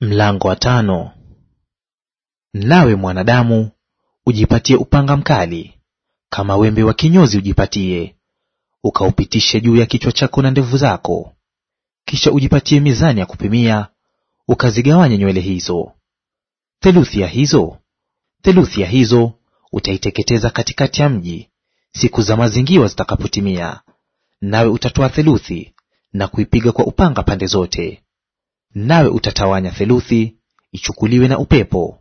Mlango wa tano. Nawe mwanadamu, ujipatie upanga mkali, kama wembe wa kinyozi ujipatie, ukaupitishe juu ya kichwa chako na ndevu zako. Kisha ujipatie mizani ya kupimia, ukazigawanye nywele hizo. Theluthi ya hizo theluthi ya hizo utaiteketeza katikati ya mji siku za mazingiwa zitakapotimia, nawe utatoa theluthi na kuipiga kwa upanga pande zote nawe utatawanya theluthi ichukuliwe na upepo,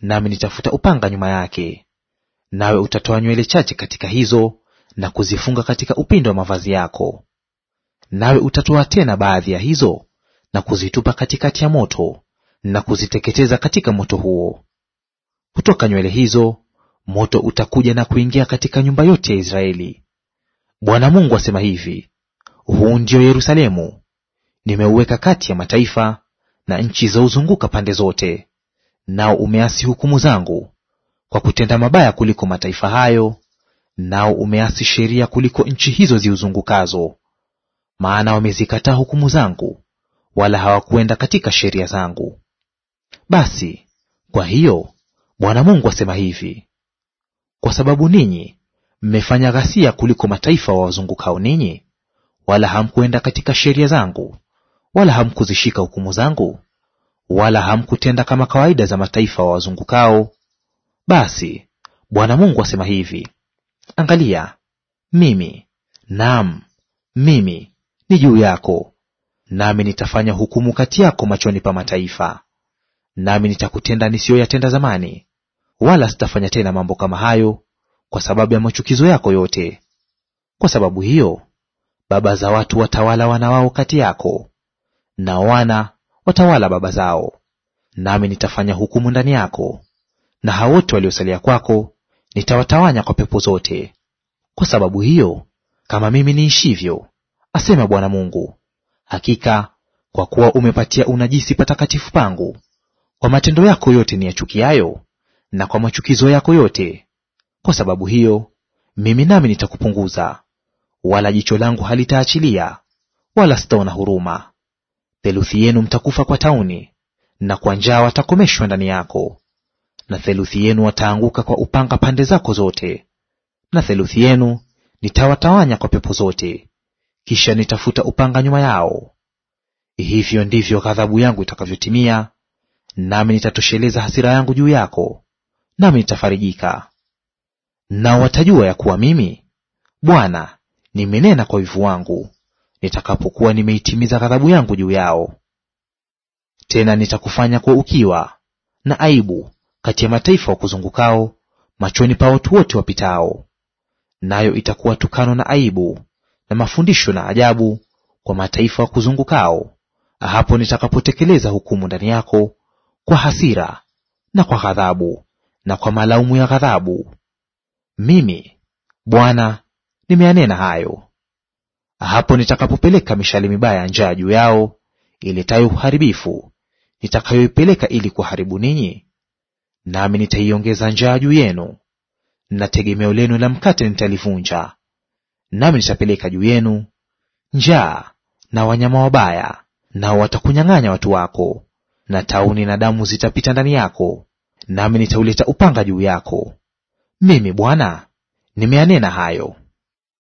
nami nitafuta upanga nyuma yake. Nawe utatoa nywele chache katika hizo na kuzifunga katika upindo wa mavazi yako. Nawe utatoa tena baadhi ya hizo na kuzitupa katikati ya moto na kuziteketeza katika moto huo. Kutoka nywele hizo moto utakuja na kuingia katika nyumba yote ya Israeli. Bwana Mungu asema hivi: huu ndio Yerusalemu nimeuweka kati ya mataifa na nchi za uzunguka pande zote, nao umeasi hukumu zangu kwa kutenda mabaya kuliko mataifa hayo, nao umeasi sheria kuliko nchi hizo ziuzungukazo. Maana wamezikataa hukumu zangu, wala hawakuenda katika sheria zangu. Basi kwa hiyo Bwana Mungu asema hivi: kwa sababu ninyi mmefanya ghasia kuliko mataifa wawazungukao ninyi, wala hamkuenda katika sheria zangu, wala hamkuzishika hukumu zangu, wala hamkutenda kama kawaida za mataifa wa wazungukao, basi Bwana Mungu asema hivi: Angalia, mimi naam, mimi ni juu yako, nami nitafanya hukumu kati yako machoni pa mataifa, nami nitakutenda nisiyoyatenda zamani, wala sitafanya tena mambo kama hayo, kwa sababu ya machukizo yako yote. Kwa sababu hiyo, baba za watu watawala wana wao kati yako, na wana watawala baba zao. Nami nitafanya hukumu ndani yako, na hao wote waliosalia kwako nitawatawanya kwa pepo zote. Kwa sababu hiyo, kama mimi niishivyo, asema Bwana Mungu, hakika kwa kuwa umepatia unajisi patakatifu pangu kwa matendo yako yote ni yachukiayo na kwa machukizo yako yote, kwa sababu hiyo mimi nami nitakupunguza, wala jicho langu halitaachilia, wala sitaona huruma theluthi yenu mtakufa kwa tauni, na kwa njaa watakomeshwa ndani yako, na theluthi yenu wataanguka kwa upanga pande zako zote, na theluthi yenu nitawatawanya kwa pepo zote, kisha nitafuta upanga nyuma yao. Hivyo ndivyo ghadhabu yangu itakavyotimia, nami nitatosheleza hasira yangu juu yako, nami nitafarijika. Nao watajua ya kuwa mimi Bwana nimenena kwa wivu wangu, nitakapokuwa nimeitimiza ghadhabu yangu juu yao. Tena nitakufanya kuwa ukiwa na aibu kati ya mataifa wa kuzungukao machoni pa watu wote wapitao, nayo itakuwa tukano na aibu na mafundisho na ajabu kwa mataifa wa kuzungukao hapo nitakapotekeleza hukumu ndani yako kwa hasira na kwa ghadhabu na kwa malaumu ya ghadhabu. Mimi Bwana nimeyanena hayo hapo nitakapopeleka mishale mibaya ya njaa juu yao iletayo uharibifu, nitakayoipeleka ili kuharibu ninyi, nami nitaiongeza njaa juu yenu, na tegemeo lenu la mkate nitalivunja. Nami nitapeleka juu yenu njaa na wanyama wabaya, nao watakunyang'anya watu wako, na tauni na damu zitapita ndani yako, nami nitauleta upanga juu yako. Mimi Bwana nimeyanena hayo.